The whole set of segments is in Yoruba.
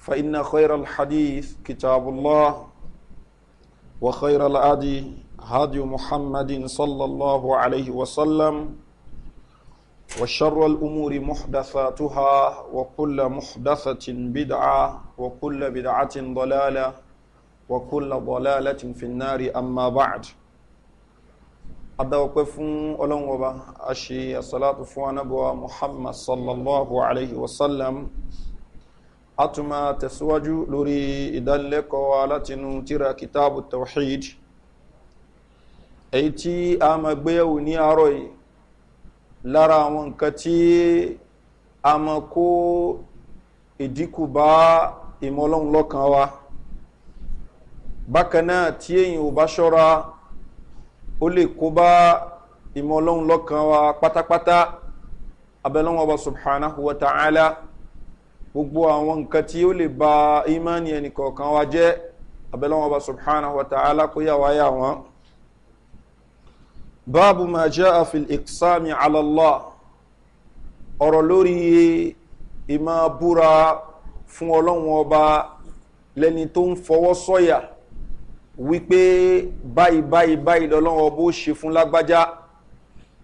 فإن خير الحديث كتاب الله وخير الأدي هدي محمد صلى الله عليه وسلم وشر الأمور محدثاتها وكل محدثة بدعة وكل بدعة ضلالة وكل ضلالة في النار أما بعد adáwọ̀pẹ́ fún ọlọ́run ọba a ṣe محمد صلى الله عليه وسلم a tún máa tẹ̀síwájú lórí ìdánilẹ́kọ̀ọ́ alátinú tíra kitabu tawhid èyí tí a máa gbéyàwó ní àárọ̀ yìí lára àwọn nǹkan tí a máa kó ìdínkù bá ìmọ̀lọ́hún lọ́kàn wa bákan tí èyàn ò bá ṣọ́ra ó lè kó bá ìmọ̀lọ́hún lọ́kàn wa pátápátá abẹ́lẹ́wọ̀n ọba subhanahu wa ta'ala. ala gbogbo àwọn nǹkan tí ó lè ba imani ẹnì kọ̀ọ̀kan wa jẹ́ abẹ́lẹ́wọ̀n ọba subhanahu wa ta'ala kó yà wáyà wọn. báàbù máa jẹ́ àfil ìsámi alọ́lá ọ̀rọ̀ lórí ìmọ̀ búra fún ọlọ́run ọba lẹ́ni tó ń fọwọ́ sọ́yà wípé báyìí báyìí báyìí lọ́lọ́run ọba ṣe fún lágbájá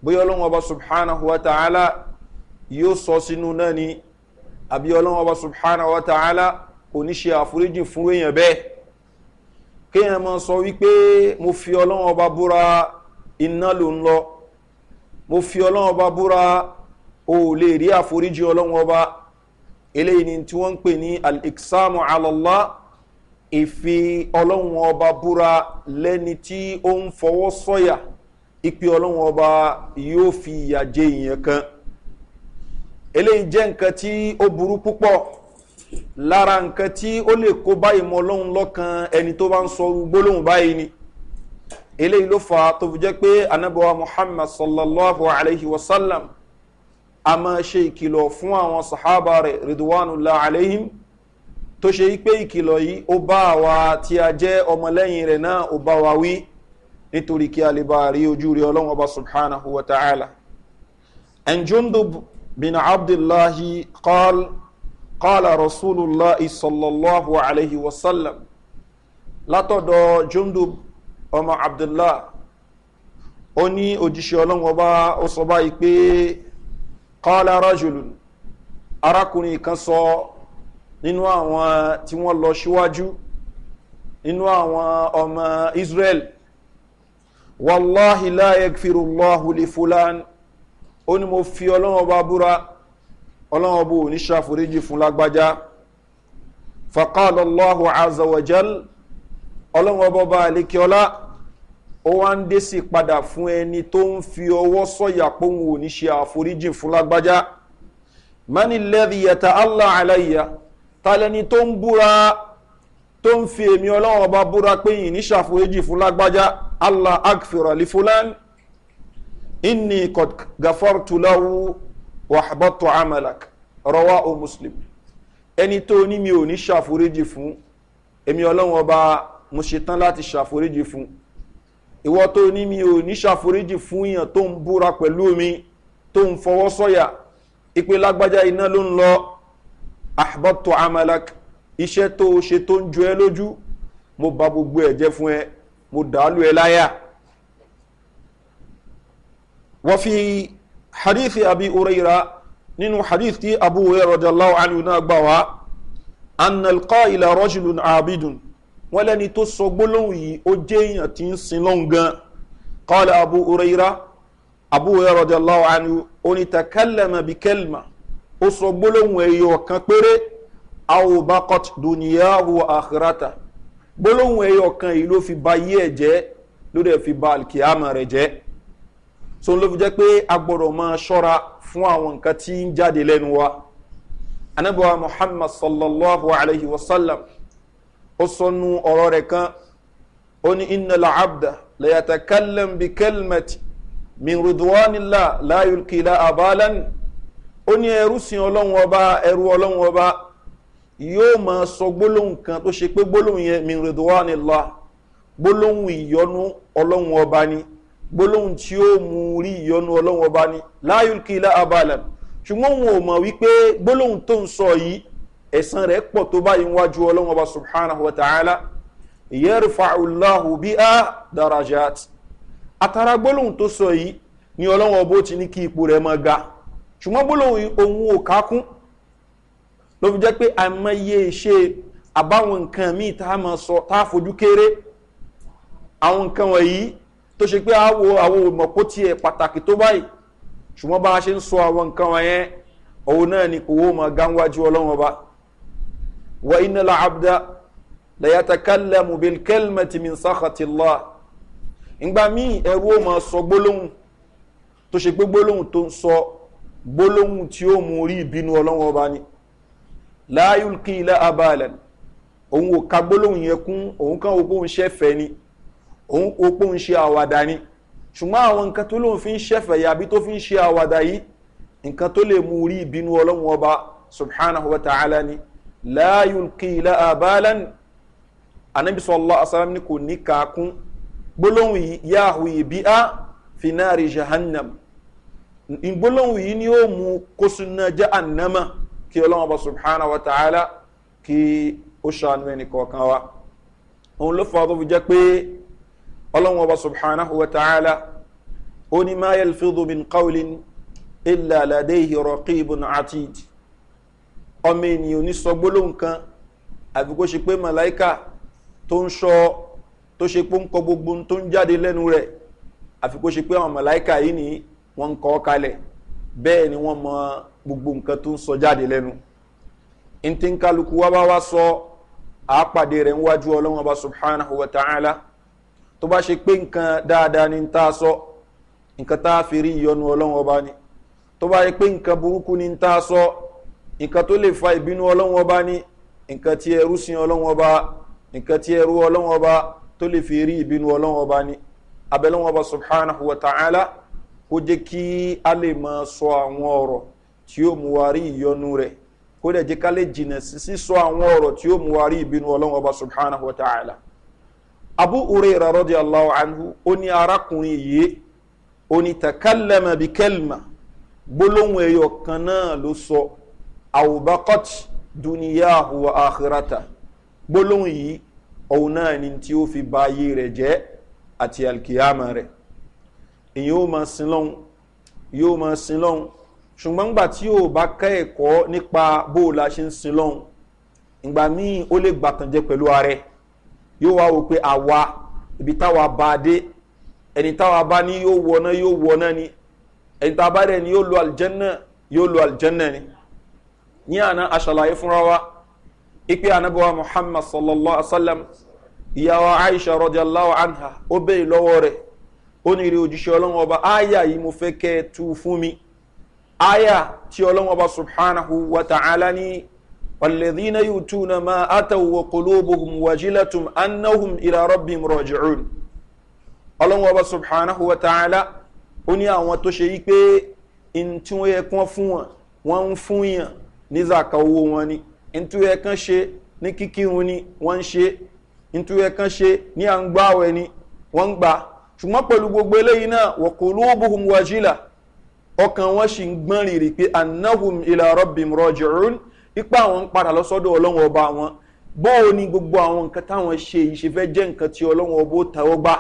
bóyá ọlọ́run ọba subhanahu wa ta'ala yóò sọ sínú náà ni àbí ọlọ́wọ́n ọba subhanahu wa ta'ala kò ní ṣe àforíjì fún èèyàn bẹ́ẹ̀ kéèyàn máa sọ wípé mo fi ọlọ́wọ́n ọba búra iná ló ń lọ mo fi ọlọ́wọ́n ọba búra o lè rí àforíjì ọlọ́wọ́n ọba eléyìí ni tí wọ́n ń pè ní al-iksamu alọ́lá ìfi ọlọ́wọ́n ọba búra lẹ́ni tí ó ń fọwọ́ sọ́yà ìpè ọlọ́wọ́n ọba yóò fi ìyà jẹ ìyẹn kan eléyìí jẹ́ nǹkan tí ó burú púpọ̀ lára nǹkan tí ó lè kó báyìí mọ ọlọ́run lọ́kan ẹni tó bá ń sọ gbólóhùn báyìí ni eléyìí ló fa tó fi jẹ́ pé anábọ̀wá muhammad sallallahu alayhi wa sallam a máa ṣe ìkìlọ̀ fún àwọn sàhábà rẹ̀ ridwanullah alayhim tó ṣe pé ìkìlọ̀ yìí ó bá àwa tí a jẹ́ ọmọlẹ́yìn rẹ̀ náà ó bá wa wí nítorí kí a lè bá rí ojú rí ọlọ́run ọba subhanahu wa ta'ala. and jundub بن عبد الله قال قال رسول الله صلى الله عليه وسلم لا لاتدو جندب أم عبد الله أني أجيشي ألون وبا أصبايك بي قال رجل أراكني كنصو nínú àwọn tí wọ́n lọ síwájú nínú àwọn ọmọ israel wàláhìláyẹ̀kfìrúlọ́hùlẹ̀ fúlàní ó ní mo fi ọlọ́run ọba búra ọlọ́run ọba ò ní ṣàforíjì fún lágbájá fàkàlọ́ allahu azawajal ọlọ́run ọba ọba àlekíọ́lá ó wá ń dé sí padà fún ẹni tó ń fi ọwọ́ sọ̀yà póhùn ò ṣe àforíjì fún lágbájá mani lẹ́dí yẹta allah aláìyá talẹni tó ń búra tó ń fi èmi ọlọ́run ọba búra pé yìí ní ṣàforíjì fún lágbájá allah akfira lifulan inni kod gafartu lahu wàhábọ́tò amalak rọwá o muslim ẹni tó ní mi ò ní ṣàforíjì fún èmi ọlọ́run ọba mo ṣetán láti ṣàforíjì fún ìwọ tó ní mi ò ní ṣàforíjì fún yàn tó ń búra pẹ̀lú mi tó ń fọwọ́ sọ́yà ìpè lágbájá iná ló ń lọ àbọ̀tò amalak iṣẹ́ tó ṣe tó ń ju ẹ lójú mo ba gbogbo ẹ̀ jẹ́ fún ẹ mo dàálù ẹ láyà. وفي حديث أبي هريرة نينو حديث تي أبو هريرة رضي الله عنه ناقبوا أن القائل رجل عابد ولن تصبلوي أجين تنسي لونغا قال أبو هريرة أبو هريرة رضي الله عنه أن تكلم بكلمة أصبلوي وكبر أو بقت دنياه وآخرته بلوي وكان يلو في بايه جي لو في بالكيامة رجي so ló fi jẹ́ pé a gbọ́dọ̀ máa ṣọ́ra fún àwọn nǹkan tí ń jáde lẹ́nu wa anabiwa muhammad sallallahu alayhi wa sallam ó sọnu ọ̀rọ̀ rẹ̀ kan ó ní iná làbdà lẹ́yàtà kálẹ̀m bí kẹ́lmẹ̀tì min láyùlkìlá abalani ó ní ẹrú sin ọlọ́run ọba ẹrú ọlọ́run ọba yóò máa sọ gbólóhùn kan tó ṣe pé gbólóhùn yẹn min gbólóhùn ìyọnu ọlọ́run ọba ni gbólóhùn tí ó mú rí ìyọnu ọlọ́run ọba ni láyùlkì ilá abalẹ̀ ṣùgbọ́n wọn ò mọ̀ wípé gbólóhùn tó ń sọ yìí ẹ̀sán rẹ̀ pọ̀ tó báyìí wájú ọlọ́run ọba subhanahu wa ta'ala ìyẹ́rìfàáhùláhù bí a darajat àtàrà gbólóhùn tó sọ yìí ni ọlọ́run ọba ti ní kí ipò rẹ̀ mọ́ ga ṣùgbọ́n gbólóhùn ohun ò kákún ló fi jẹ́ pé àmọye ṣe àbáwọn nǹkan míì tá a fojú kéré àwọn nǹkan wọ̀nyí tó ṣe pé àwo àwọn òmọ̀pó tiẹ̀ pàtàkì tó báyìí ṣùgbọ́n bá a ṣe ń sọ àwọn nǹkan wọn yẹn òun náà ni kò wó mọ̀ gánwájú ọlọ́run ọba wa iná la abdá lẹ́yàtàkálẹ̀ mùbíl kẹ́lmẹ̀tì mi sáxàtìlá ìgbà míì ẹrú ó máa sọ gbólóhùn tó ṣe pé gbólóhùn tó ń sọ gbólóhùn tí ó mú orí ìbínú ọlọ́run ọba ni láyùlkì ilẹ̀ abalẹ̀ òun ò ka gbólóhùn yẹn kún òun kàn ó bóun ṣẹ́fẹ̀ẹ́ ni òun opó ń ṣe àwàdà ni ṣùgbọ́n àwọn nǹkan tó lóun fi ń ṣẹ̀fẹ̀ yàbí tó fi ń ṣe àwàdà yìí nǹkan tó lè mú rí ìbínú ọlọ́run ọba subhanahu wa ta'ala ni láyùlkì ilẹ̀ àbálẹ́ni anabi sọlá asalam ni kò ní kaakún gbólóhùn yìí yáàhù yìí bí a fi náà rí jahannam gbólóhùn yìí ni ó mú kó sunna jẹ́ ànámà kí ọlọ́run ọba subhanahu wa ta'ala kí ó ṣàánú ẹnì kọ̀ọ̀kan wa òun ló fọ́ tó jẹ́ pé ọlọ́run ọba subhanahu wa ta'ala ó ní máa yẹlfidu min qawlin illa ladayhi raqibun atid ọmọ ènìyàn ní sọ gbólóhùn kan àfi kó ṣe pé màláìka tó ń sọ tó ṣe pé ń kọ gbogbo tó ń jáde lẹ́nu rẹ̀ àfi kó ṣe pé àwọn màláìka yìí ni wọ́n ń kọ́ kalẹ̀ bẹ́ẹ̀ ni wọ́n mọ gbogbo nǹkan tó ń sọ jáde lẹ́nu ntí kálukú wa bá wá sọ àápàdé rẹ̀ ń wájú ọlọ́run ọba subhanahu wa ta'ala tó bá ṣe pé nǹkan dáadáa ni tá a sọ nǹkan tá a fi rí ìyọnu ọlọ́run ọba ni tó bá ṣe pé nǹkan burúkú ni tá a sọ nǹkan tó lè fa ìbínú ọlọ́run ọba ni nǹkan tí ẹrú sin ọlọ́run ọba nǹkan tí ẹrú ọlọ́run ọba tó lè fi rí ìbínú ọlọ́run ọba ni abẹ́lẹ́wọ̀n ọba subhanahu wa ta'ala kó jẹ́ kí a lè máa sọ àwọn ọ̀rọ̀ tí yóò mú wa rí ìyọnu rẹ̀ kó dẹ̀ jẹ́ ká lè jìnà sí sísọ àwọn ọ̀rọ̀ tí yóò mú wa rí ìbínú ọlọ́run ọba subhanahu wa ta'ala abu ureira rọ́dí allahu anhu ó ní arákùnrin yìí ó ní takalama bi kelma gbólóhùn ẹ̀yọ̀ kan náà ló sọ àwùbákọ́t duniyahu wa akhirata gbólóhùn yìí òun náà ni tí ó fi ba ayé rẹ̀ jẹ́ àti alkiyama rẹ̀ èyí ó máa sin lọ́hùn yóò máa sin lọ́hùn ṣùgbọ́n gbà tí yóò bá kẹ́ ẹ̀kọ́ nípa bó o la ṣe ń sin lọ́hùn ìgbà míì ó lè gbàtànjẹ pẹ̀lú ara rẹ̀ yóò wá wò pé àwa ibi táwa bá a dé ẹni táwa bá ní yóò wọ náà yóò wọ náà ni ẹni táwa bá dẹ̀ ni yóò lo àlìjẹ́nà yóò lo àlìjẹ́nà ni ní àná aṣàlàyé fúnra wa ipe anabiwa muhammad sallallahu alaihi wa sallam ìyàwó aisha rọjàláwà anha ó bẹ́ẹ̀ lọ́wọ́ rẹ̀ ó ní rí ojúṣe ọlọ́wọ́ ọba aya yìí mo fẹ́ kẹ́ tu fún mi aya tí ọlọ́wọ́ ọba subhanahu wa ta'ala ní والذين يؤتون ما أتوا وقلوبهم وجلة أنهم إلى ربهم راجعون ọlọ́run ọba subhanahu wa ta'ala ó ní àwọn tó ṣe yí pé n tí wọ́n yẹ kán fún wọn wọ́n ń fún yàn ní zaka owó wọn ni n tí wọ́n yẹ kán ṣe ní kíkírun ni wọ́n ń ṣe n tí yẹ kán ṣe ní à ni wọ́n ń gbà ṣùgbọ́n pẹ̀lú gbogbo eléyìí náà wọ̀kọ̀ olóòbùhùn wájìlá ọkàn wọn sì ń gbọ́n rìrì pé anahum ilà rọ́bìm rọ́jìrún ipa àwọn ń padà lọ sọ́dọ̀ ọlọ́run ọba wọn bọ́ọ̀ ni gbogbo àwọn nǹkan táwọn ṣe ìṣe fẹ́ jẹ́ nǹkan tí ọlọ́run ọba ó tàwọ́ gbà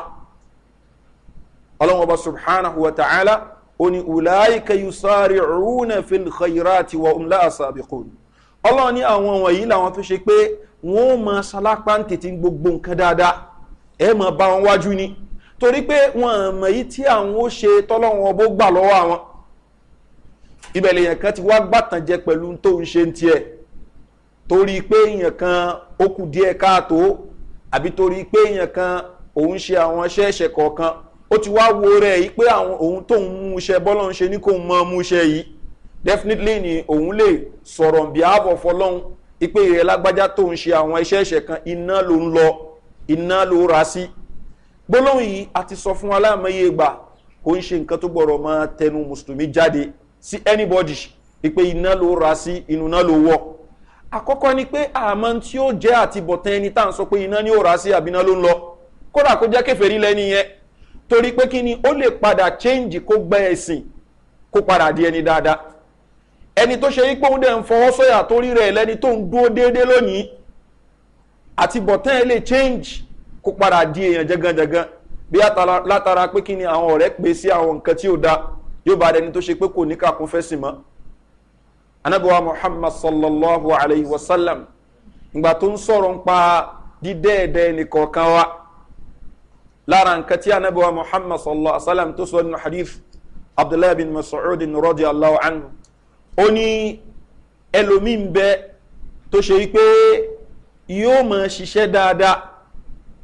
ọlọ́run ọba subhanahu wa ta'ala ó ní ulaika yusari runa fil khairati wa umla asabiqun ọlọ́run ní àwọn wọ̀nyí làwọn tó ṣe pé wọ́n ó máa salápá ń tètè gbogbo nǹkan dáadáa ẹ máa bá wọn wájú ni torí pé wọn àmọ̀ yìí tí àwọn ó ṣe tọ́lọ́run ọba ó gbà lọ́wọ́ àwọn ibẹ̀ lèèyàn kan ti wá gbàtànjẹ pẹ̀lú tó ń ṣe tiẹ̀ torí pé èèyàn kan ó kù díẹ̀ káàtó àbí torí pé èèyàn kan òun ṣe àwọn iṣẹ́ ẹ̀ṣẹ̀ kọ̀ọ̀kan ó ti wá wo rẹ̀ yìí pé òun tóun mú iṣẹ́ bọ́lọ́n ṣe ní kóun mọ́ mú iṣẹ́ yìí definitely ni òun lè sọ̀rọ̀ bí ààbọ̀ fọlọ́hún ipe ìrẹ̀ lágbájá tó ń ṣe àwọn iṣẹ́ ẹ̀ṣẹ̀ kan iná ló ń lọ iná ló ra sí gbólóhùn yìí a ti sọ fún aláàmọye ìgbà kò ń ṣe nǹkan tó gbọ́rọ̀ máa tẹnu mùsùlùmí jáde sí anybody ìpè iná ló ra sí inú náà ló wọ̀ àkọ́kọ́ ni pé àmọ́ tí ó jẹ́ àtibọ̀tán ẹni tá à ń sọ pé iná ni ó ra sí àbíná ló ń lọ kódà kó jẹ́ kẹfẹ́rí lẹ́ni yẹn torí pé kí ni ó lè padà change kó gbẹ ẹ̀sìn kó padà di ẹni dáadáa ẹni tó ṣe yí pé òun dẹ̀ ń fọwọ́ sọ́yà torí rẹ̀ lẹ́ni tó ń dúró déédéé lónìí àtibọ̀tán ẹ lè change kó padà di èèyàn jẹganjẹgan bí látara pé kí ni àwọn ọ̀rẹ́ pè sí àwọn nǹkan tí ó dáa yóò bá dẹni tó ṣe pé kò ní kàkún fẹ́ sí mọ́ anábíwá muhammad sallallahu alayhi wa sallam ìgbà tó ń sọ̀rọ̀ ń pa dídẹ́ẹ̀dẹ́ nìkọ̀ọ̀kan wa lára nǹkan tí anábíwá muhammad sallallahu alayhi wa sallam tó sọ nínú hadith abdullahi bin masoud rọ́dí aláwọ̀ anhu ó ní ẹlòmíín bẹ tó ṣe pé yóò mọ̀ ṣiṣẹ́ dáadáa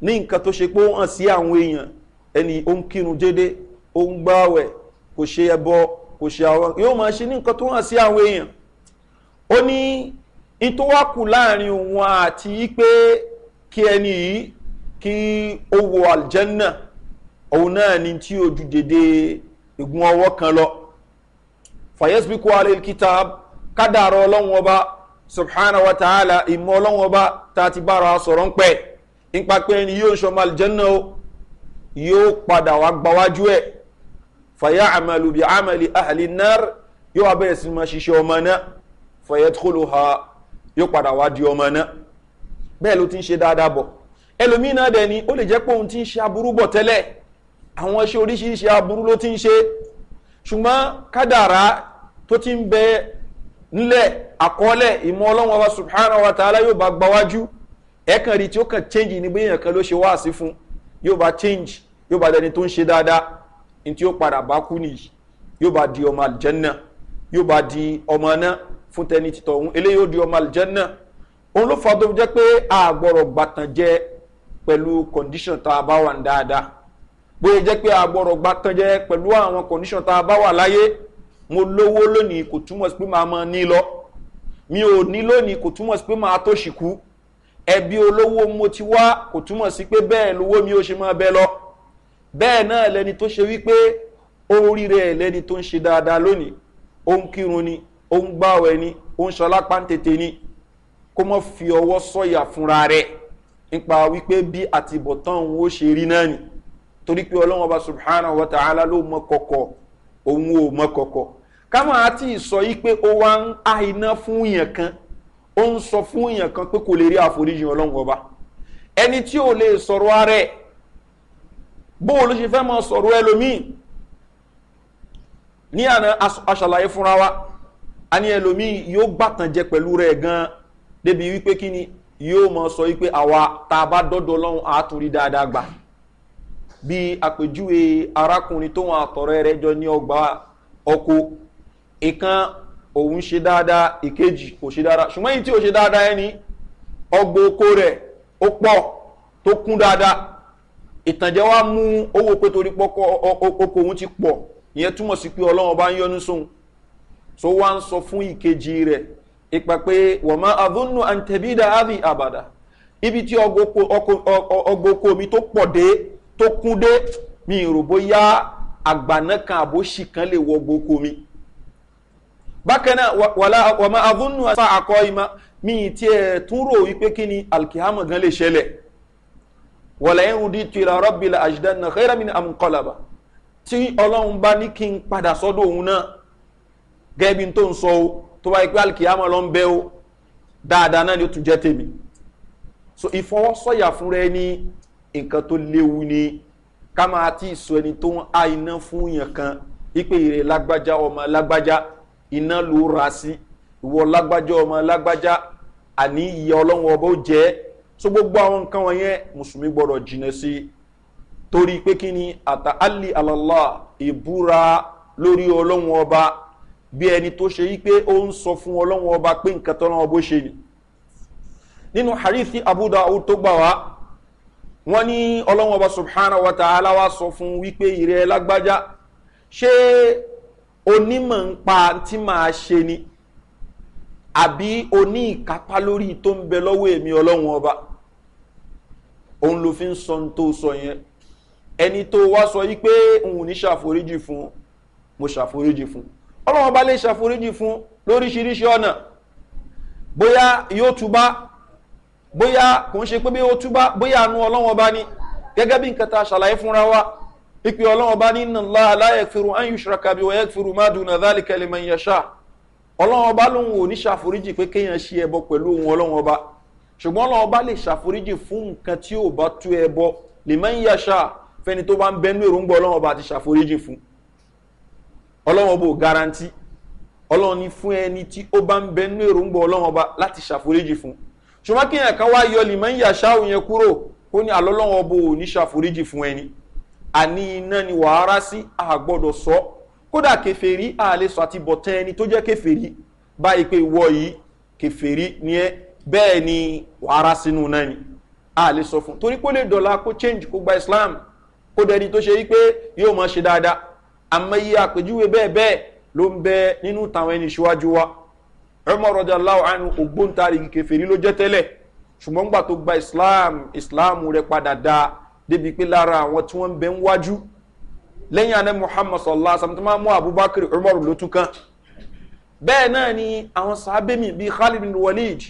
ní nǹkan tó ṣe pé ó hàn sí àwọn èèyàn ẹni ó ń kírun déédéé ó ń gbáwẹ̀ẹ́ kò ṣe ẹbọ kò ṣe àwọn yóò máa ṣe ní nǹkan tó hàn sí àwọn èèyàn ó ní ìtọ́wákù láàrin òun àti pé kí ẹni yìí kí ó wo aljanna òun náà ni tí ojú dédé ìgun ọwọ́ kan lọ fayesbiku alilkitab kádàrọ ọlọ́run ọba subhana wa ta'ala ìmọ̀ ọlọ́run ọba ta ti bára sọ̀rọ̀ ń pẹ́ nípa pé ẹni yóò ṣọmọ aljanna o yóò padà wá gbáwájú ẹ̀ fàyà àmàlù bí àmàlì àhàlì náà yóò wá bẹ̀rẹ̀ sí máa ṣiṣẹ́ ọmọ náà fàyà tó lò ha yóò padà wá di ọmọ náà bẹ́ẹ̀ ló ti ń ṣe dáadáa bọ̀ ẹlòmíín náà dẹ̀ ni ó lè jẹ́ pé òun ti ń ṣe aburú bọ̀ tẹ́lẹ̀ àwọn iṣẹ́ oríṣiríṣi aburú ló ti ń ṣe ṣùgbọ́n kádàrá tó ti ń bẹ nílẹ̀ àkọọ́lẹ̀ ìmọ̀ ọlọ́wọ́n wa subhanahu wa ta'ala yóò bá gbawájú ẹ̀ẹ̀kan rí tí ó kàn change ní bí èèyàn kan ló ṣe wáàsí fún yóò bá change yóò bá dẹni tó ń ṣe dáadáa ní tí ó padà bá kú nìyí yóò bá di ọmọ àlìjẹ́nà yóò bá di ọmọ náà fún tẹni títọ̀ ọ̀hún eléyìí ó di ọmọ àlìjẹ́nà òun ló fà tó jẹ́ pé àgbọ̀rọ̀ gbàtàn jẹ pẹ̀lú condition tá a bá wà dáadáa bóyá jẹ́ pé àgbọ̀rọ̀ gbàtàn jẹ pẹ̀lú àwọn condition tá a bá wà láyé mo lówó lónìí kò túmọ̀ sí pé màá máa ní lọ mi ò ní lónìí kò túmọ̀ sí pé màá tó ṣìkú ẹbí olówó mo ti wá kò túmọ̀ sí pé bẹ́ẹ̀ lówó mi ò ṣe máa bẹ́ lọ bẹ́ẹ̀ náà lẹni tó ṣe wípé ohun rí rẹ̀ lẹni tó ń ṣe dáadáa lónìí ó kírun ni ó ń gbáwẹ̀ ni ó ń ṣọlá pántètè ni kó mọ́ fi ọwọ́ sọ̀yà fúnra rẹ̀ nípa wípé bí àtibọ̀tán òun ó ṣe rí náà ni torí pé ọlọ́wọ́n ọba subhanahu wa ta'ala ló mọ kọ̀kọ̀ òun ò mọ kọ̀kọ̀ káwọn àti ìsọ yìí pé ó wá ń á fún èèyàn kan ó ń sọ fún èèyàn kan pé kò lè rí àforíjì ọlọ́wọ́n ọba ẹni tí ò lè sọ̀rọ̀ ara ẹ̀ bóò ló ṣe fẹ́ mọ́ sọ̀rọ̀ ẹlòmíì ní àná aṣàlàyé fúnra wa a ní ẹlòmíì yóò gbàtàn jẹ pẹ̀lú rẹ̀ gan débi wípé kí ni yóò mọ sọ wípé àwa tá a bá dọ́dọ̀ lọ́hùn àtúrí dáadáa gbà bí àpèjúwe arákùnrin tóun àtọ̀rẹ́ rẹ̀ jọ ní ọgbà ọkọ̀ ìkan òun ṣe dáadáa ìkejì kò ṣe dáadáa ṣùgbọ́n èyí tí ò ṣe dáadáa ẹni ọgbà oko rẹ̀ ó pọ̀ tó kún dáadáa ìtànjẹ́ wa mú owó pé torí pọ́kọ́ oko òun ti pọ̀ ìyẹn túmọ̀ sí pé ọlọ́run bá ń yọnu sóhun tó wá ń sọ fún ìkejì rẹ̀ ipa pé wọ́n máa àdúnnù àǹtẹ̀bídà ábì àbàdà ibi tí ọgbọ oko mi tó pọ̀ dé tó kún dé mi bóyá kan àbóṣì kan lè wọ ọgbọ oko mi bákan náà wọ́n máa àṣà àkọ́ mi ẹ̀ wípé kí ni wọ̀lẹ̀ ń rudi tìlà rọ́bì la àṣìdá na xẹ́rẹ́mì amúkọ́làbà tí ọlọ́run bá ní kí n padà sọ́dọ̀ òun náà gẹ́bí tó ń sọ o tó bá yẹ pé alikiyama lọ bẹ́ o dáadáa náà ni ó tún jẹ́ tèmi so ìfọwọ́sọ̀yà fúnra ẹni nǹkan tó léwu ni ká máa ti sọ ẹni tó ń á iná fún yàn kan ipe ìrè lágbájá ọmọ lágbájá iná ló ra sí ìwọ lágbájá ọmọ lágbájá àní ìyá ọlọ́run ọba jẹ́ so gbogbo àwọn nǹkan wọ̀nyẹn mùsùlùmí gbọ́dọ̀ jìnà sí torí pé kí ni àtà alì àlọ́lá ìbúra lórí ọlọ́run ọba bí ẹni tó ṣe yí pé ó ń sọ fún ọlọ́run ọba pé nǹkan tọ́lọ́ ọbó ṣe ni nínú harithi abudu awu tó gbà wá wọ́n ní ọlọ́run ọba subhanahu wa ta'ala wa sọ fún wípé ìrẹ́ lágbájá ṣé onímọ̀ ń pa tí màá ṣe ni àbí oní ìkápá lórí tó ń bẹ lọ́wọ́ èmi ọlọ́run ọba òun ló fi ń sọ ní tó sọ yẹn ẹni tó wá sọ yí pé òun ní ṣàforíjì fún mo ṣàforíjì fún ọlọ́wọ́n bá lè ṣàforíjì fún lóríṣiríṣi ọ̀nà bóyá yóò túbá bóyá kò ń ṣe pé yóò túbá bóyá àánú ọlọ́wọ́n bá ní gẹ́gẹ́ bí nǹkan ta ṣàlàyé fúnra wa ipe ọlọ́wọ́n bá ní nàlá aláyẹ̀kfiru ayùṣrakabi wọ́yẹ̀kfiru mádùnà dálìkẹ́lẹ́mẹ̀yẹṣà ọlọ́wọ́n bá lóhun ò ní ṣàforíjì pé kéèyàn ṣe ẹbọ pẹ̀lú ohun ọlọ́wọ́n bá ṣùgbọ́n lọ́wọ́ bá lè ṣàforíjì fún nǹkan tí ò bá tú ẹ bọ́ lè máa ń yàṣà fẹ́ni tó bá ń bẹnu èròǹgbọ́ ọlọ́wọ́ bá ti ṣàforíjì fún ọlọ́wọ́ bò garanti ọlọ́wọ́ ni fún ẹni tí ó bá ń bẹnu èròǹgbọ́ ọlọ́wọ́ bá láti ṣàforíjì fún ṣùgbọ́n kí ẹ̀ka wá yọ lè máa ń yàṣà òyìn kúrò kó ní alọ́lọ́wọ́ bò ní ṣàforíjì fún ẹni àní iná ni wàhárá sí àgbọ̀dọ̀ sọ kódà kẹfẹ́rí àlẹ́ sọ àti bọ̀tán ẹni tó jẹ́ kẹfẹ́rí báyìí pé ìwọ yìí kẹfẹ́rí ni ẹ́ bẹ́ẹ̀ ni wàrà sínú náà ni a lè sọ fún torí pé lè dọ̀la kó change kó gba islam kó dẹni tó ṣe wípé yóò máa ṣe dáadáa àmọ́ iye àpèjúwe bẹ́ẹ̀ bẹ́ẹ̀ ló ń bẹ nínú tàwọn ẹni ìṣíwájú wa ẹmọ rọjà láwọn àánú kẹfẹ́rí ló jẹ́ tẹ́lẹ̀ ṣùgbọ́n gbà tó gba islam islam rẹ padà dáa débi pé lára àwọn tí wọ́n ń bẹ ń wájú lẹ́yìn àná muhammad sallallahu alaihi wa sallam mú abubakar umar ló tún kan bẹ́ẹ̀ náà ni àwọn sábẹ́mi bíi khalid walid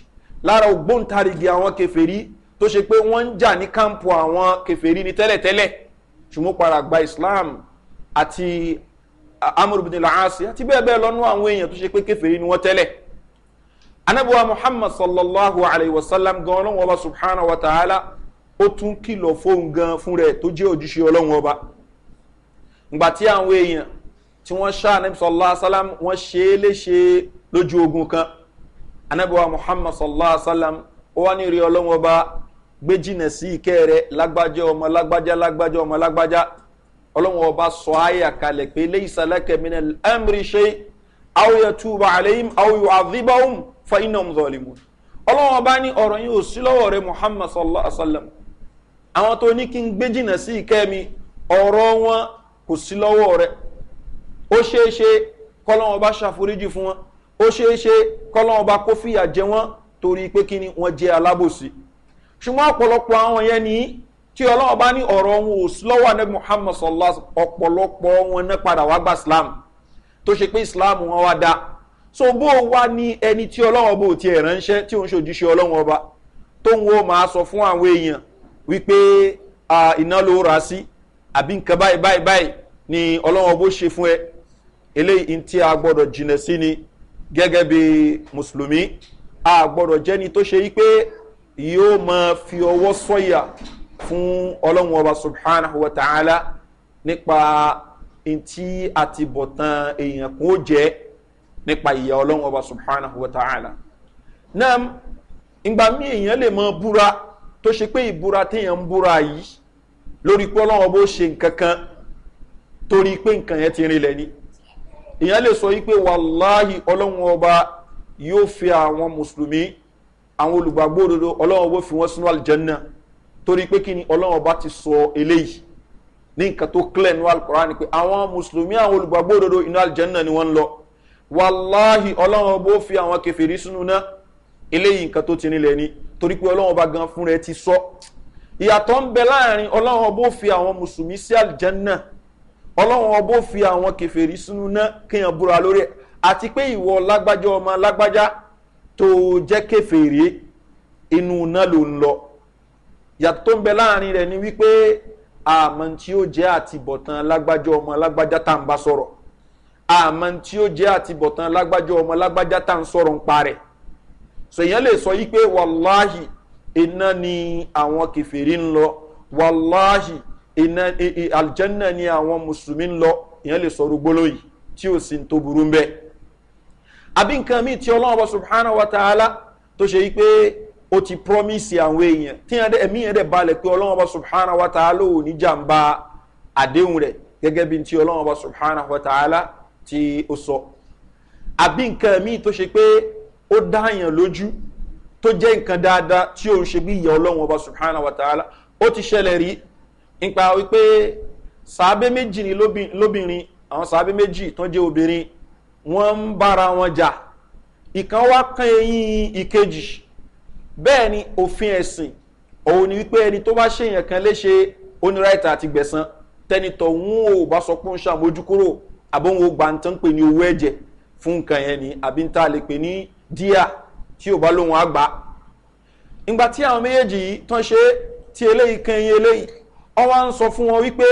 lára ògbóǹtarìgì àwọn kẹfẹ́rí tó ṣe pé wọ́n ń jà ní kámpù àwọn kẹfẹ́rí ní tẹ́lẹ̀tẹ́lẹ̀ ṣùgbọ́n gba islam àti amúrúbìnrin làásì àti bẹ́ẹ̀ bẹ́ẹ̀ lọ́nú àwọn èèyàn tó ṣe pé kẹfẹ́rí ni wọ́n tẹ́lẹ̀ anabuwa muhammad sallallahu alayhi wa sallam gan ọlọ́run ọba subhanahu wa ta'ala ó tún kìlọ̀ fóun gan fún rẹ̀ tó jẹ́ ojúṣe ọlọ́run ọba ìgbà tí àwọn èèyàn tí wọ́n ṣáà níbi sọ́lá sálám wọ́n ṣe é léṣe lójú ogun kan anabiwa muhammad sallallahu alaihi wa sallam ó wá ní rí ọlọ́wọ́n bá gbé jìnà sí ìkẹ́ rẹ lágbájá ọmọ lágbájá lágbájá ọmọ lágbájá ọlọ́wọ́n ọba sọ ayà kalẹ̀ pé lẹ́yìn sàlẹ́kẹ̀ mi náà ẹ̀mìrì ṣe àwòyẹ túbọ̀ àlẹ́yìn àwòyẹ àdìbáwùm fa iná ọmọdọ̀lẹ́mù ọlọ́wọ́n ọba ní ọ̀rọ̀ yìí ò sí lọ́wọ́ rẹ muhammad sallallahu alaihi wa sallam àwọn tó ní kí n gbé sí ìkẹ́ mi ọ̀rọ̀ wọn kò ó ṣeé ṣe kọ́lọ́wọ́n bá kó fìyà jẹ wọ́n torí pé kí ni wọ́n jẹ́ alábòsí ṣùgbọ́n ọ̀pọ̀lọpọ̀ àwọn yẹn ní tí ọlọ́wọ́n bá ní ọ̀rọ̀ wọn ò sí lọ́wọ́ anabi muhammad sallallahu ọ̀pọ̀lọpọ̀ wọn náà padà wá gba islam tó ṣe pé islam wọn wá da so bó o wá ní ẹni tí ọlọ́wọ́n bó tiẹ̀ ránṣẹ́ tí òun ṣòjúṣe ọlọ́wọ́n ọba tóun ó máa sọ fún àwọn èèyàn wípé iná ló rà sí àbí nǹkan báyìí báyìí báyìí ni ọlọ́wọ́n bó ṣe fún ẹ eléyìí tí a gbọ́dọ̀ jìnà sí ni gẹ́gẹ́ bí mùsùlùmí a gbọ́dọ̀ jẹ́ni tó ṣe wípé yóò máa fi ọwọ́ sọ́yà fún ọlọ́run ọba subhanahu wa ta'ala nípa ntí àti bọ̀tán èèyàn kún ó jẹ́ nípa ìyá ọlọ́run ọba subhanahu wa ta'ala náà ìgbà mí èèyàn lè mọ búra tó ṣe pé ìbúra téèyàn ń búra yìí lórí pé ọlọ́run ọba ó ṣe nǹkan kan torí pé nǹkan yẹn ti rinlẹ̀ ni ìyẹn lè sọ yìí pé wàláhì ọlọ́run ọba yóò fi àwọn mùsùlùmí àwọn olùgbàgbọ́ òdodo ọlọ́run ọba fi wọ́n sínú àlìjẹ́nà torí pé kí ni ọlọ́run ọba ti sọ eléyìí ní nǹkan tó clear nínú alukóra ni pé àwọn mùsùlùmí àwọn olùgbàgbọ́ òdodo inú àlìjẹ́nà ni wọ́n ń lọ wàláhì ọlọ́run ọba ó fi àwọn kẹfìrí sínú náà eléyìí nǹkan tó ti nílẹ̀ ni torí pé ọlọ́run ọba gan fúnra ẹ ti sọ ìyàtọ̀ ń bẹ láàrin ọlọ́run ọba ó fi àwọn mùsùlùmí sí àlìjẹ́nà ọlọ́run ọbọ̀ fi àwọn kẹfẹ́rí sínú náà kéèyàn búra lórí ẹ̀ àti pé ìwọ lágbájá ọmọ lágbájá tó jẹ́ kẹfẹ́rí inú náà ló ń lọ yàtọ̀ tó ń bẹ láàrin rẹ̀ ni wípé àmọ́ tí ó jẹ́ àtibọ̀tán lágbájá ọmọ lágbájá tá à ń bá sọ̀rọ̀ àmọ́ tí ó jẹ́ àtibọ̀tán lágbájá ọmọ lágbájá tá à ń sọ̀rọ̀ ń parẹ̀ sèyàn lè sọ yí pé wàláhì iná ni àwọn kẹfẹ́rí ń lọ wàláhì iná aljanna ni àwọn mùsùlùmí ń lọ ìyẹn lè sọ̀rọ̀ gbóló yìí tí ò sì ń tó burú ń bẹ́ àbí nǹkan míì tí ọlọ́run ọba subhana wa ta'ala tó ṣe yí pé ó ti promise àwọn èèyàn tí ẹ̀mí yẹn dẹ̀ balẹ̀ pé ọlọ́run ọba subhana wa ta'ala ò ní jàǹbá àdéhùn rẹ̀ gẹ́gẹ́ bí ti ọlọ́run ọba subhana wa ta'ala tí ó sọ àbí nǹkan míì tó ṣe pé ó dáàyàn lójú tó jẹ́ nǹkan dáadáa tí ó ń ṣe bí ìyá ọlọ́run ọba subhana wa ta'ala ó ti ṣẹlẹ̀ rí nípa wípé sàábé méjì ni lóbìnrin àwọn sàábé méjì tó jẹ́ obìnrin wọ́n ń bára wọn jà ìkan wá kan eyín ìkejì bẹ́ẹ̀ ni òfin ẹ̀sìn òun ni wípé ẹni tó bá ṣèyàn kan léṣe oníráìtà àti gbẹ̀sán tẹnitọ̀ òun ò bá sọ pé ń ṣàmójúkúrò àbóhun ó gba nǹkan pè ní owó ẹ̀jẹ̀ fún nǹkan yẹn ni àbí ń ta lè pè ní díà tí ò bá lóhun àgbà ìgbà tí àwọn méjèèjì yìí tán ṣe tí eléyìí kan eyín eléyìí ọwọ́ ń sọ fún wọn wípé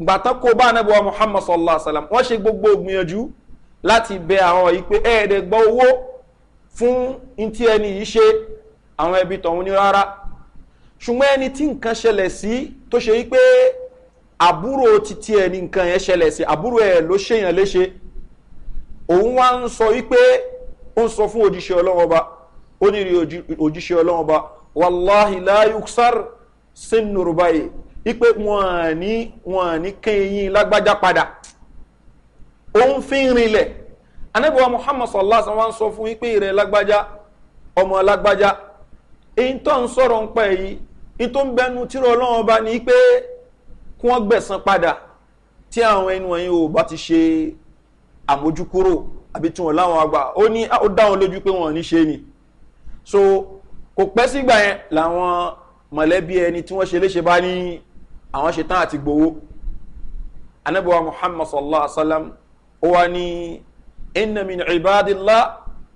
gbàtán kó bá anábọ̀ muhammad sallallahu alayhi wa sallam wọ́n ṣe gbogbo gbìyànjú láti bẹ àwọn yìí pé ẹ̀ẹ́dẹ̀ gbọ́ owó fún ntí ẹni yìí ṣe àwọn ẹbí tọ̀hún ní rárá ṣùgbọ́n ẹni tí nǹkan ṣẹlẹ̀ sí tó ṣe wípé àbúrò títí ẹni nǹkan yẹn ṣẹlẹ̀ sí àbúrò ẹ̀ ló ṣèyàn léṣe òun wá ń sọ wípé ó ń sọ fún òjíṣẹ́ ọlọ́wọ́ba ó ní rí òjíṣẹ́ ọlọ́wọ́ba wàláhìláyùsárì sínúrù báyìí ipe wọn ní wọn ní kéyìn lágbájá padà òun fi ń rinlẹ̀ anábíwá muhammad sallallahu alaihi wa sọ fún ipe rẹ̀ lágbájá ọmọ lágbájá èyí tó ń sọ̀rọ̀ ń pẹ́ yìí ní tó ń bẹnu tírọ̀ ọlọ́run ọba ní pé kí wọ́n gbẹ̀sán padà tí àwọn ẹni wọ̀nyí ò bá ti ṣe àmójúkúrò àbí tí wọ́n láwọn àgbà ó ní ó dáwọn lójú pé wọ́n ní ṣe ni so kò pẹ́ sígbà yẹn làwọn mọ̀lẹ́bí ẹni tí wọ́n ṣe léṣe bá ní àwọn ṣe tán àti gbowó anábíwá muhammad sallallahu alaihi wa sallam ó wá ní ẹnna mi ní ibadillah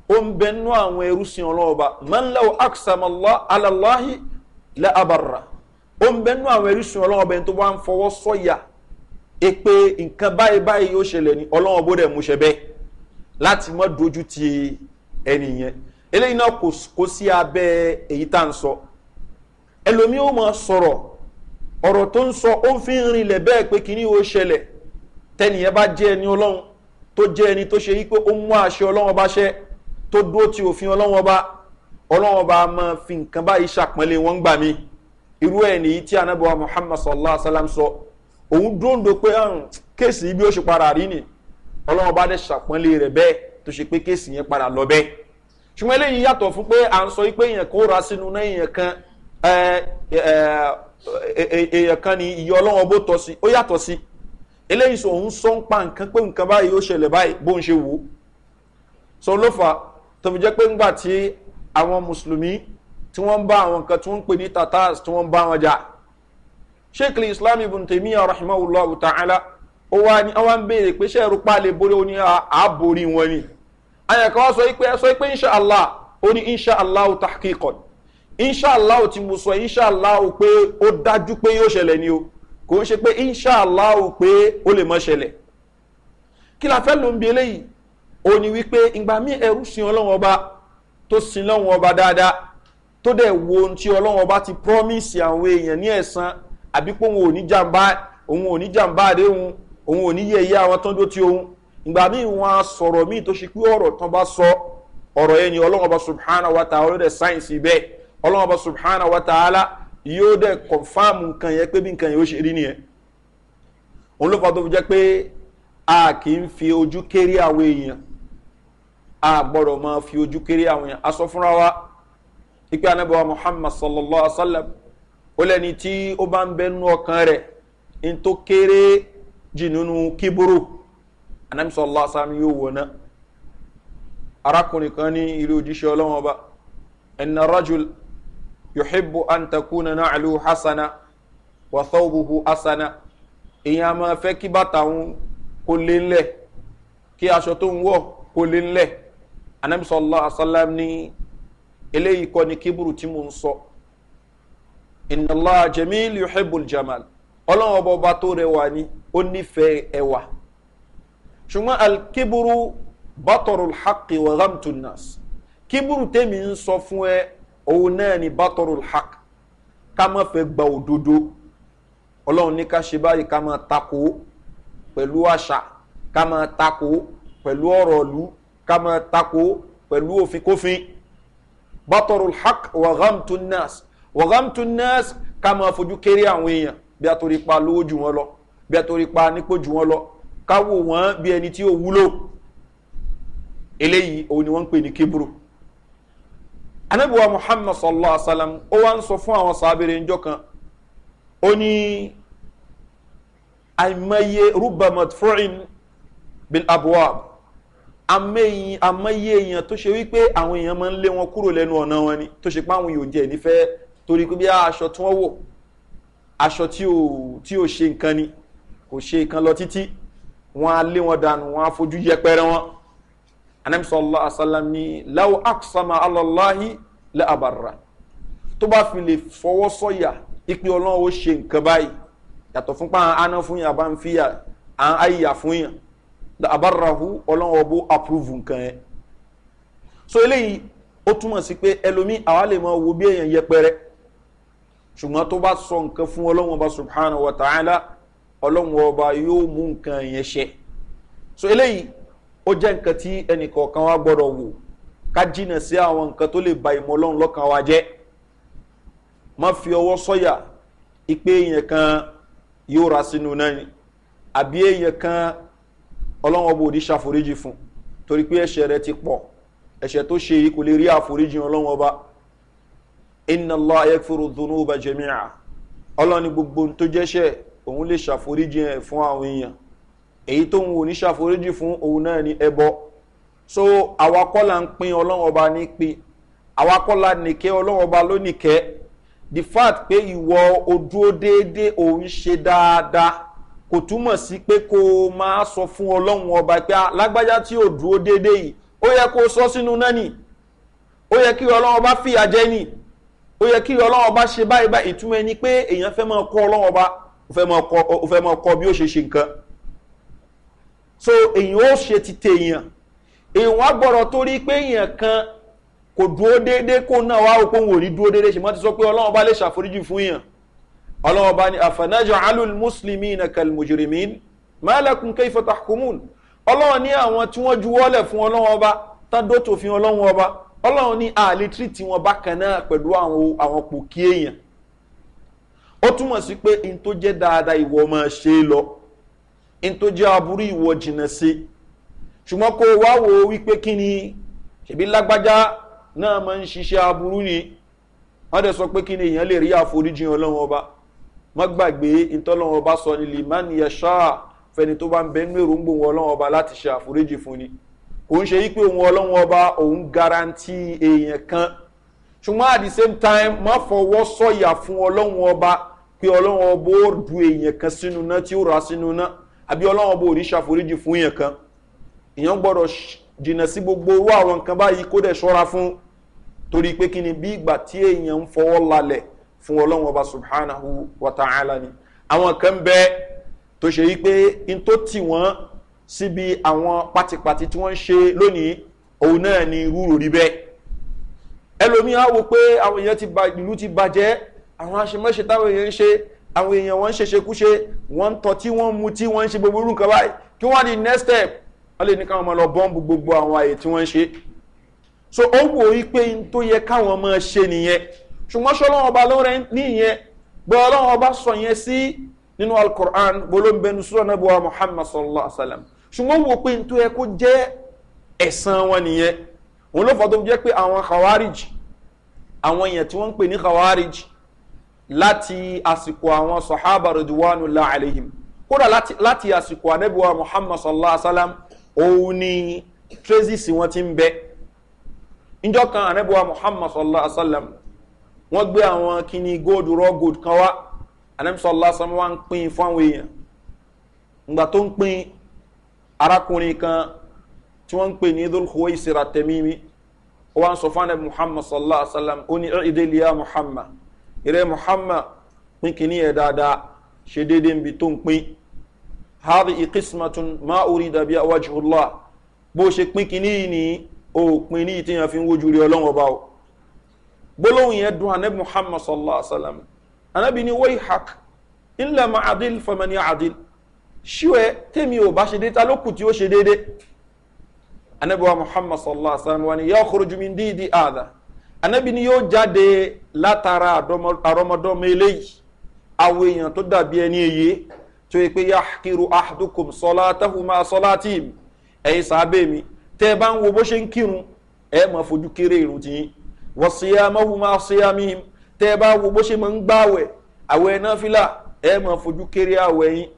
ó ń bẹ nú àwọn ẹrú sin ọlọ́ọ̀ba mọ́nlẹ́wọ̀ aksamallah alalahi la abarra ó ń bẹ nú àwọn ẹrú sin ọlọ́ọ̀ba ẹni tó bá ń fọwọ́ sọ́yà èpè nǹkan báyìí báyìí yóò ṣẹlẹ̀ ní ọlọ́wọ́n bó dẹ̀ mú ṣẹ bẹ́ẹ̀ láti mọ́ dojú ti ẹnìyẹn eléyìí náà kò sí abẹ́ èyí tá à ń sọ ẹlòmí ó máa sọ̀rọ̀ ọ̀rọ̀ tó ń sọ ó fi ń rinlẹ̀ bẹ́ẹ̀ pé kíní ó ṣẹlẹ̀ tẹnìyẹn bá jẹ́ ẹni ọlọ́run tó jẹ́ ẹni tó ṣe wípé ó mú àṣẹ ọlọ́run ọba ṣẹ́ tó dúró ti òfin ọlọ́run ọba ọlọ́run ọba máa fi nǹkan báyìí ṣàpọ́nlé wọn gbà mí irú ẹ̀ nìyí tí anábọ̀wá muhammad sallallahu alayhi wa sallam sọ òun dúró pé kéèsì bí ó ṣe para rí ni ọlọ́run ọba dẹ̀ ṣàpọ́nlé rẹ̀ bẹ́ẹ̀ tó ṣe pé kéèsì yẹn padà lọ bẹ́ẹ̀ ṣùgbọ́n eléyìí yàtọ̀ fún pé à ń sọ wípé èèyàn kó ra sínú náà èèyàn kan èèyàn kan ní ìyọ ọlọ́wọ́n bó tọ́ sí ó yàtọ̀ sí eléyìí sọ òun sọ ń pa nǹkan pé nǹkan báyìí ó ṣẹlẹ̀ báyìí bó ń ṣe wò ó sọ ló fà tó fi jẹ́ pé ńgbà tí àwọn mùsùlùmí tí wọ́n ń bá àwọn nǹkan tí wọ́n ń pè ní tatars tí wọ́n ń bá wọn jà sheikh islam ibn taymiyyah rahimahullah ta'ala ó wá ní àwọn ń béèrè pé ṣé ẹrùpá lè borí ó àbórí wọn ni àyàkọ́ wá sọ pé insha allah ó ní insha allah tahqiqan inṣàlá ò ti mú sọ inṣàlá ò pé ó dájú pé yóò ṣẹlẹ̀ ni o kò ń ṣe pé inṣàlá o pé ó lè mọ ṣẹlẹ̀ kí la fẹ́ ló ń bi eléyìí o ní wípé ìgbà ẹrú sin ọba tó sin lọ́wọ́n ọba dáadáa tó dẹ̀ wo ohun tí ti promise àwọn èèyàn ní ẹ̀sán àbí pé òun ò ní jàǹbá òun ò ní jàǹbá àdéhùn òun ò ní àwọn tó ń dó ti òun ìgbà míì wọn a sọ̀rọ̀ míì tó ṣe pé ọ̀rọ̀ tán bá sọ ọ̀rọ̀ yẹn ni ọba subhanahu wa ọlọ́run ọba subhana wa ta'ala yóò dẹ̀ kọ̀nfàmù nǹkan yẹn pé bí nǹkan yẹn ó ṣe rí nìyẹn òun ló fà tó fi jẹ́ pé a kì í fi ojú kéré àwọn èèyàn a gbọ́dọ̀ máa fi ojú kéré àwọn èèyàn a sọ fúnra wa ipe anabawa muhammad sallallahu alaihi wa sallam ó lẹ́ni tí ó bá ń bẹnu ọkàn rẹ̀ n tó kéré jì nínú kíbúrò anamí sallallahu alaihi wa sallam yóò wọ̀ arákùnrin kan ní ilé òjíṣẹ́ ọlọ́wọ́n ọba ẹ̀nà rajul yòhìbù antakuna náà àlù hasana wàtọ́wùbù hasana èyàn a máa fẹ́ kí bàtà òun kó lé ńlẹ̀ kí aṣọ tó ń wọ̀ kó lé ńlẹ̀ anamisọ́lá asálám ní eléyìí kọ́ ni kíburu tí mo ń sọ ìnàlá jamil yòhìbù jamal ọlọ́run ọba ọba tó rẹwà ni ó nífẹ̀ẹ́ ẹwà ṣùgbọ́n alkíburu bàtọ̀rọ̀ hàkì wà kíburu tèmi ń sọ fún ẹ òun náà ni bátọrù haq ká má fẹ́ gba òdodo ọlọ́run ní ká ṣe báyìí ká máa takò pẹ̀lú àṣà ká máa takò pẹ̀lú ọ̀rọ̀ ìlú ká máa takò pẹ̀lú òfin kófin bátọrù haq wàhámtu nas wàhámtu nas ká máa fojú kéré àwọn èèyàn bí a pa lówó jù wọn lọ bí a pa nípò jù wọn lọ ká wò wọn bí ẹni tí ò wúlò eléyìí òun ni wọ́n ń pè ní kébùrù anabiwa muhammad sallallahu alaihi wa sallam ó wá ń sọ fún àwọn sábẹ́rẹ́ ńjọ kan ó ní àìmọye rubamat fúrin bin abuwab àmọye èèyàn tó ṣe wípé àwọn èèyàn máa ń lé wọn kúrò lẹ́nu ọ̀nà wọn ni tó ṣe pé àwọn èèyàn ò jẹ́ nífẹ̀ẹ́ torí pé bí aṣọ tí wọ́n wò aṣọ tí ò ṣe nǹkan ni kò ṣe nǹkan lọ títí wọn á lé wọn dànù wọn á fojú yẹpẹrẹ wọn anabi sallallahu alaihi wa sallam ni law aksama alalahi la abara tó bá fi lè fọwọ́ sọ̀yà ìpè ọlọ́run ó ṣe nǹkan báyìí yàtọ̀ fún pa àná fún yàn bá ń fi yà à ń àyà fún yàn la abara hu ọlọ́run approve nǹkan yẹn so eléyìí ó túmọ̀ sí pé ẹlòmíì àwa lè máa wo bí èèyàn yẹpẹrẹ ṣùgbọ́n tó bá sọ nǹkan fún ọlọ́run ọba subhanahu wa ta'ala ọlọ́run ọba yóò mú nǹkan yẹn ṣe so eléyìí ó jẹ́ nǹkan tí ẹnìkọ̀ọ̀kan wa gbọ́dọ̀ wò ká jìnà sí àwọn nǹkan tó lè ba ìmọ̀ ọlọ́run lọ́kàn wa jẹ́ má fi ọwọ́ sọ́yà ìpé èèyàn kan yóò ra sínú náà ni àbí èèyàn kan ọlọ́run ọba òdì ṣàforíjì fún torí pé ẹ̀ṣẹ̀ rẹ ti pọ̀ ẹ̀ṣẹ̀ tó ṣe yìí kò lè rí àforíjì ọlọ́run ọba iná lọ ayẹ́fóró dunu ọba jẹ̀míà ọlọ́run ni gbogbo tó jẹ́ṣẹ̀ òun lè ṣàforíjì ẹ̀ fún àwọn èèyàn èyí tó ń wo oníṣàforíjì fún òun náà ní ẹbọ so àwa kọ́la ń pin ọlọ́run ọba ní pin àwa kọ́la nìkẹ́ ọlọ́run ọba ló the fact pé ìwọ odúró déédé òun ṣe dáadáa kò túmọ̀ sí pé kó o máa sọ fún ọlọ́run ọba pé ah, lágbájá tí ò dúró déédé yìí ó yẹ kó o sọ sínú náà nì ó yẹ kí ọlọ́run ọba fìyà jẹ́ nì ó yẹ kí ọlọ́run ọba ṣe báyìí báyìí ìtumọ̀ ẹni pé èèyàn fẹ́ máa kọ́ ọlọ́run ọba ó fẹ́ máa kọ́ bí ó ṣe ṣe nǹkan so èyàn ó ṣe ti tèèyàn èyàn á gbọ́dọ̀ torí pé èyàn kan kò dúró déédé kó náà wá òpó òní dúró déédé ṣe mọ́ ti sọ pé ọlọ́run bá lè ṣàforíjì fún yàn ọlọ́run bá ní àfẹnájọ alul mùsùlùmí na kalmujirimi mẹ́lẹ̀kùn kẹfẹ́ takumun ọlọ́run ní àwọn tí wọ́n juwọ́lẹ̀ fún ọlọ́run ọba tádótò fi ọlọ́run ọba ọlọ́run ní àlè tírìtì wọn bákan náà pẹ̀lú àwọn pòkí èèyàn ó túmọ̀ sí pé n tó jẹ́ dáadáa ìwọ máa ṣe é lọ in tó jẹ́ aburú ìwọ jìnà sí ṣùgbọ́n kó wá wo wípé kí ni ṣèbí lágbájá náà máa ń ṣiṣẹ́ aburú ni wọ́n dẹ̀ sọ pé kí ni èèyàn lè rí àforíjì ọlọ́run ọba má gbàgbé ìtọ́lọ́run ọba sọ ni limani yasha fẹni tó bá ń bẹ nínú èròǹgbò wọn ọlọ́run ọba láti ṣe àforíjì fún ni kò ń ṣe yí òun ọlọ́run ọba òun garanti èèyàn kan ṣùgbọ́n at the same time má fọwọ́ sọ̀yà fún ọlọ́run ọba pé ọlọ́run ọba ó du èèyàn kan sínú náà tí ó rà sínú náà àbí ọlọ́wọ́n bó òrìṣà foríjì fún yẹn kan èèyàn gbọ́dọ̀ jìnà sí gbogbo owó àwọn nǹkan báyìí kó dẹ̀ ṣọ́ra fún torí pé kí ni bí ìgbà tí èèyàn ń fọwọ́ lalẹ̀ fún ọlọ́wọ́n ọba subhanahu wa ta'ala ni àwọn kan bẹ tó ṣe yí pé n tó tì wọ́n síbi àwọn pátipàti tí wọ́n ń ṣe lónìí òun náà ni rúrò rí bẹ́ẹ̀ ẹlòmíà wò pé àwọn èèyàn ti ìlú ti bàjẹ́ àwọn àṣemáṣe táwọn èèyàn ń ṣe àwọn èèyàn wọ́n ń ṣe ṣekúṣe wọ́n ń tọ́tí wọ́n mutí wọ́n ṣe gbogbo irú nǹkan báyìí kí wọ́n di next step wọ́n lè ní káwọn ọmọ lọ bọ́ǹbù gbogbo àwọn àyè tí wọ́n ṣe so ó wò ó pé n tó yẹ káwọn ọmọ ṣe nìyẹn ṣùgbọ́n ṣọlọ́wọ́n ọba lọ́rẹ́ níyẹn gbọ́ ọlọ́wọ́n ọba sọ yẹn sí nínú alukur'an bolóńbẹ́nu sọ́ọ́ náà buwa muhammad sallallahu alayhi wa sallam ṣùgbọ́n wò pé n tó yẹ kó jẹ́ ẹ̀sán wọn nìyẹn òun ló fọ́ tó jẹ́ pé àwọn khawarij àwọn èèyàn tí wọ́n ń pè ní khawarij láti àsìkò àwọn sọ̀hábà rẹ̀dùwánu láàlẹ́yìn kódà láti àsìkò ànẹ́bíwá muhammad sallallahu alaihi wa sallam òun ni traces wọn ti ń bẹ níjọ́ kan ànẹ́bíwá muhammad sallallahu alaihi wa sallam wọ́n gbé àwọn kíní gold raw gold kan wá ànẹ́bíwá sallallahu alaihi wa sallam wá ń pín fún àwọn èèyàn ìgbà tó ń pín arákùnrin kan tí wọ́n ń pè ní idolkowó ìsirà tẹ̀mí mi sọ fún ànẹ́bíwá muhammad sallallahu alaihi wa sallam ó ní ìdílé ya muhammad ìrẹ́ muhammad pín kìíní ẹ̀ dáadáa ṣe déédéé níbi tó ń pín hadi ikismatun ma orí dàbí awájúlá bó ṣe pín kìíní ní òpin ní ìtìyàn fi ń wojú rí ọlọ́wọ́ bá o gbólóhùn yẹn dùn anabi muhammad sallallahu alaihi wa sallam anabi ni wọ́n hak ńlẹ̀ ma adil fọmọni adil ṣíwẹ̀ tẹ́mi ò bá ṣe déédéé ta ló kù tí ó ṣe anabi wa muhammad sallallahu alaihi wa sallam wani yà kúrò jùmí dídí àdá anabi ni yóò jáde látara àrọmọdọ́mọ eléyìí àwọn èèyàn tó dàbí ẹni èyí tó yẹ pé yàkìrù àdùkùm sọlá tẹfùmá sọlá tìmù ẹ̀yin sàábẹ́ mi tẹ́ ẹ bá ń wo bó ṣe ń kírun ẹ máa fojú kéré irun tiyín wọ́n síyámáhùmá síyámíhìm tẹ́ ẹ bá wo bó ṣe máa ń gbáwẹ̀ àwẹ̀ náà fìlà ẹ máa fojú kéré àwẹ̀ yín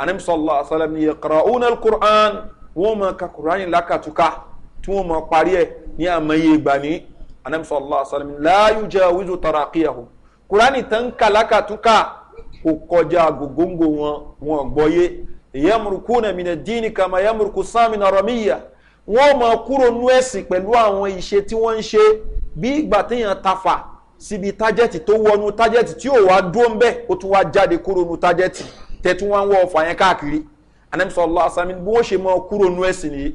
anabi sọlá asálàm ni yẹkara òun náà wọn máa ka kúrán yìí lákàtúkà tí wọn máa parí ẹ ní àmọ́ ìgbà ní anabi sallallahu alaihi wa sallam láàyò jẹ́ wíṣọ tara kíyàwó kúránì tán kàlákàtúkà kò kọjá gògóńgò wọn wọn gbọ́yé ìyàmùrùkú na mìnà díìnì kàmá ìyàmùrùkú sáàmìnà rọmíyà wọn máa kúrò nú ẹ̀sìn pẹ̀lú àwọn ìṣe tí wọ́n ń ṣe bí ìgbà téèyàn tafa síbi tájẹ́tì tó wọnú tájẹ́tì tí ò wá dúró ń bẹ́ẹ̀ ó tún wá jáde kúrò nú tájẹ́tì tẹ̀tún wá ń wọ ọ̀fà yẹn allah asami bí wọ́n ṣe máa kúrò nú ẹ̀sìn nìyí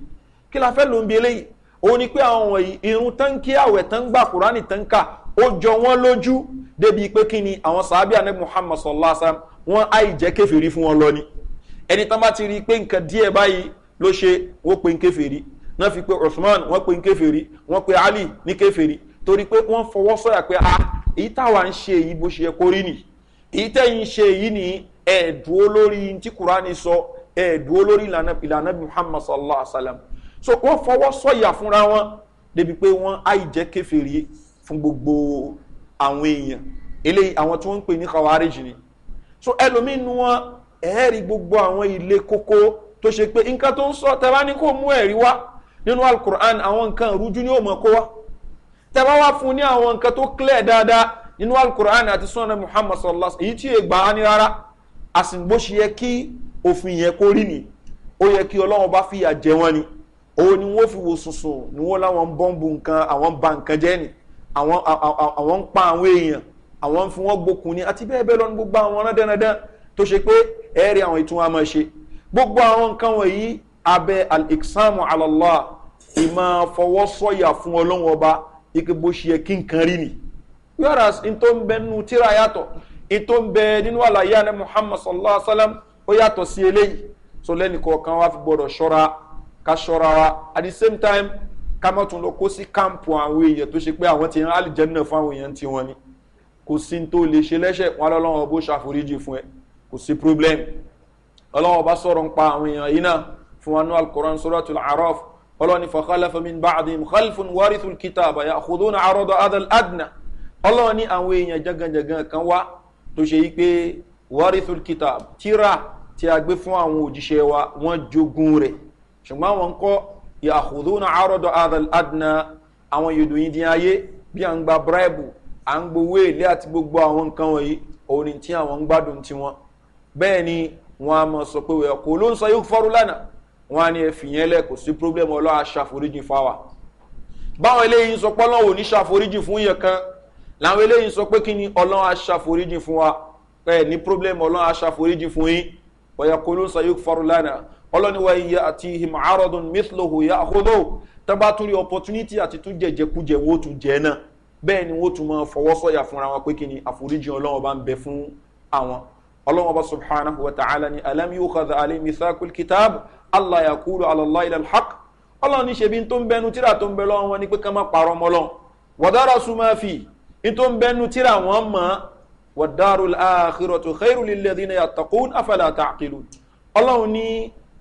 kí la fẹ́ òun ni pé àwọn irun tánkì àwẹ̀ tánkà kùránì tánkà ó jọ wọ́n lójú débi pé kí ni àwọn sàábíà ní muhammad sallallahu alaihi wa sallam wọ́n àìjẹ́ kẹfìrí fún wọn lọ ni ẹni tán bá ti rí i pé nǹkan díẹ̀ báyìí ló ṣe wọ́n pe kẹfìrí náà fi pé usman wọ́n pe kẹfìrí wọ́n pe ali ní kẹfìrí torí pé wọ́n fọwọ́ sọ̀yà pé a ah, èyí táwa ń ṣe èyí bó ṣe yẹ kó rí nì èyí tẹ́yìn ṣe èyí ni ẹ̀ẹ́dùn olórí tí kùránì sọ ẹ̀ẹ́dùn olórí ìlànà muhammad sallallahu alaihi wa sallam so wọ́n fọwọ́ sọ̀yà fúnra wọn débi pé wọ́n àìjẹ́ kẹfẹ́rì fún gbogbo àwọn èèyàn eléyìí àwọn tí wọ́n ń pè ní kawarij ni so ẹlòmínú wọn ẹ̀ẹ́rì gbogbo àwọn ilé kókó tó ṣe pé nǹkan tó ń sọ tẹ́lá ní kò mú ẹ̀rí wá nínú alukur'an àwọn nǹkan rújú ní òmò kó wá tẹ́lá wá fún ní àwọn nǹkan tó clear dáadáa nínú alukur'an àti sunna muhammad sallallahu alayhi wa sallam èyí tí ègbà á ní rárá àsìgbó ṣe yẹ kí òfin yẹn kó rí ni ó yẹ kí ọlọ́run bá fìyà jẹ wọn ni òun ni wọ́n fi wo sùnsùn ni wọ́n láwọn bọ́ǹbù nǹkan àwọn ba nǹkan jẹ́ ni àwọn ń pa àwọn èèyàn àwọn fi wọ́n gbókun ni àti bẹ́ẹ̀ bẹ́ẹ̀ lọ́nu gbogbo àwọn ọ̀rán dandan tó ṣe pé ẹ̀ẹ́rì àwọn ìtún wa máa ṣe gbogbo àwọn nǹkan wọ̀nyí abẹ́ al-iksamu alọ́lá ìmọ̀ fọwọ́sọ̀yà fún ọlọ́wọ́n ọba ike bó ṣe yẹ kí nǹkan rí ni whereas n ń bẹ nínú tíra yàtọ̀ n ń bẹ nínú àlàyé àná muhammad sallallahu alayhi wa sallam ó yàtọ̀ sí eléyìí so lẹ́nìkọ̀ọ̀kan wa fi gbọ́dọ̀ ṣọ́ra ká ṣọ́ra wa at the same time ká má tún lọ kó sí káàmpù àwọn èèyàn tó ṣe pé àwọn ti rán àlìjẹ́nà fún àwọn èèyàn tí wọ́n ni kò sí tó lè ṣe lẹ́ṣẹ̀ wọn lọ́lọ́wọ́ bó ṣàforíjì fún ẹ kò sí problem ọlọ́wọ́ bá sọ̀rọ̀ ń pa àwọn èèyàn yìí náà fún wọn ní alukoran sọ́rọ́ tó àrọ́f ọlọ́ni fàkàlẹ́fẹ́ mi bá àdìm khalifun warithul kitab àyà àkùdónà àrọ́dọ̀ adal adna ọlọ́ni àwọn èèyàn jẹ́gànjẹ̀gàn kan wá tó ṣe yí pé warithul kitab tíra tí a gbé fún àwọn òjíṣẹ́ wa wọ́n jogun rẹ̀ ṣùgbọ́n àwọn kọ́ yàhùdúnà àròdọ̀ adna àwọn yòdò yìí di ayé bí à ń gba bíráìbù à ń gbowó èlé àti gbogbo àwọn nǹkan wọ̀nyí òun ni tí àwọn ń gbádùn tiwọn bẹ́ẹ̀ ni wọn a máa sọ pé wẹ̀ kò ló ń sọ yóò fọ́rú lánàá wọn a ní ẹfì yẹn lẹ kò sí problem ọlọ́wà ṣàforíjì fáwà báwọn eléyìí ń sọ pé ọlọ́wà ò fún yẹn kan làwọn eléyìí ń sọ pé kí ni ọlọ́wà fún wa ẹ ní problem ọlọ́wà ṣàforíjì fún yín wọ̀yẹ̀ kò ló ń sọ yóò fọ́rú lánàá ọlọ́niwa iye àti him arodun mithlohu ya ahodo tó bá tún rí opportunity àti tún jẹjẹkújẹ wo tún jẹ náà bẹ́ẹ̀ ni wọ́n tún máa fọwọ́ sọ̀yà fúnra wọn pé kí ni àforíjì ọlọ́wọ́ bá ń bẹ fún àwọn ọlọ́wọ́ bá subhanahu wa ta'ala ni alam yóò kàdà alẹ́ mithakul kitab allah ya kúrò alallah ilẹ̀ haq ọlọ́run ní ṣebí tó ń bẹnu tíra tó ń bẹ lọ́wọ́ wọn ni pé ká má parọ́ mọ́ lọ́n wàdára súnmọ́ tó ń bẹnu tíra wọn mọ́ wàdáru àkìrọ̀tù khairu lílẹ̀ dín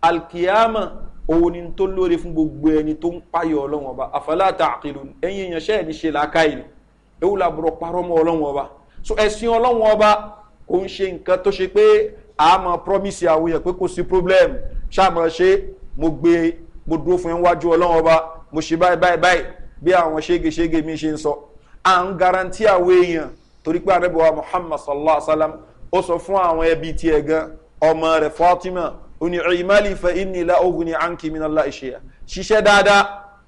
alkiyama òun ni tó lóore fún gbogbo ẹni tó ń payọ ọlọ́wọ́n ọba àfàlàtà àkìlù ẹ̀yìn èèyàn ṣẹ́ ní ṣe làákàyè ni ewu làbúrọ̀ parọ́ mọ́ ọlọ́wọ́n ọba so ẹ̀sìn ọlọ́wọ́n ọba kò ń ṣe nǹkan tó ṣe pé a máa promise àwọn èèyàn pé kò sí problem ṣáàmọ̀ ṣe mo gbé mo dúró fún ẹ wájú ọlọ́wọ́n ọba mo ṣe báyìí báyìí báyìí bí àwọn ṣégeṣége mi ṣe ń sọ à ń garanti àwọn èèyàn torí pé àrẹ́bọ̀ muhammad sallallahu alayhi wa sallam ó sọ fún àwọn ẹbí tiẹ̀ gan ọmọ rẹ̀ fatima ó ní ìmálì fẹ́ ìní ilá ogun ní àǹkì mi náà láìṣe à ṣiṣẹ́ dáadáa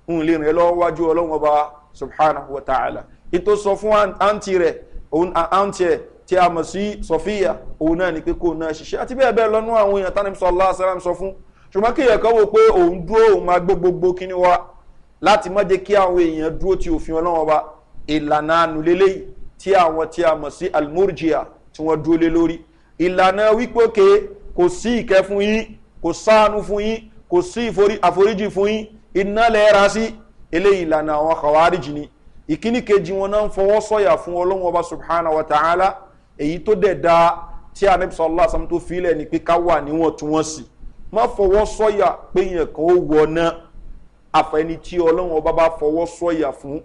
ń lè rìn lọ́wọ́ wájú ọlọ́run ọba subhanahu wa ta'ala ètò sọ fún àǹtí rẹ̀ àǹtí ẹ̀ tí a mọ̀ sí sọfíà òun náà ni pé kó náà ṣiṣẹ́ àti bẹ́ẹ̀ bẹ́ẹ̀ lọ́nú àwọn èèyàn tánàbí sọ allah salam sọ fún ṣùgbọ́n kí èèyàn kan pé òun dúró òun máa gbé gbogbo kíní wa láti má jẹ́ kí àwọn èèyàn dúró ti òfin ọlọ́wọ́n ba ìlànà ànúlélẹ́yìí tí àwọn tí a mọ̀ sí almurgia tí wọ́n dúró lé lórí ìlànà wípé kéé kò sí ìkẹ́ fún yín kò sáànù fún yín kò sí àforíjì fún yín iná lẹ́ẹ̀ra sí eléyìí ìlànà àwọn kàwáríjì ni ìkíní kejì wọn náà ń fọwọ́ sọ̀yà fún ọlọ́run ọba subhana wa ta'ala èyí tó dẹ̀ da tí anabi sallallahu alayhi wa sallam tó filẹ̀ ni pé ká wà níwọ̀ntúnwọ̀nsì má fọwọ́ sọ̀yà pé yẹn kan ó wọ náà àfẹni tí ọlọ́run ọba bá fọwọ́ sọ̀yà fún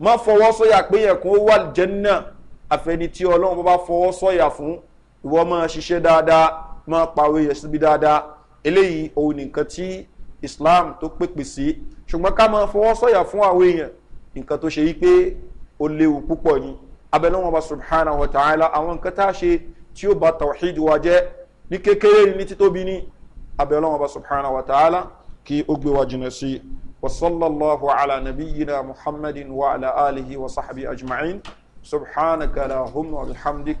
má fọwọ́ sọ̀yà pé yẹn kan ó wà jẹ́ náà àfẹni tí ọlọ́run ọba bá fọwọ́ sọ̀yà fún ìwọ máa ṣiṣẹ́ dáadáa máa pàwé yẹn síbi dáadáa eléyìí òun nìkan tí islam tó pèpè sí ṣùgbọ́n ká máa fọwọ́ sọ̀yà fún àwọn èèyàn nǹkan tó ṣe yí pé ó léwu púpọ̀ ni abẹ́lẹ́wọ̀n bá subhana wa ta'ala àwọn nǹkan tá a ṣe tí ó ba tawhid wa jẹ́ ní kékeré ní títóbi ní abẹ́lẹ́wọ̀n bá subhana wa ta'ala kí ó gbé wa jìnnà sí i. وصلى الله على نبينا محمد وعلى آله وصحبه أجمعين سبحانك لا هم وبحمدك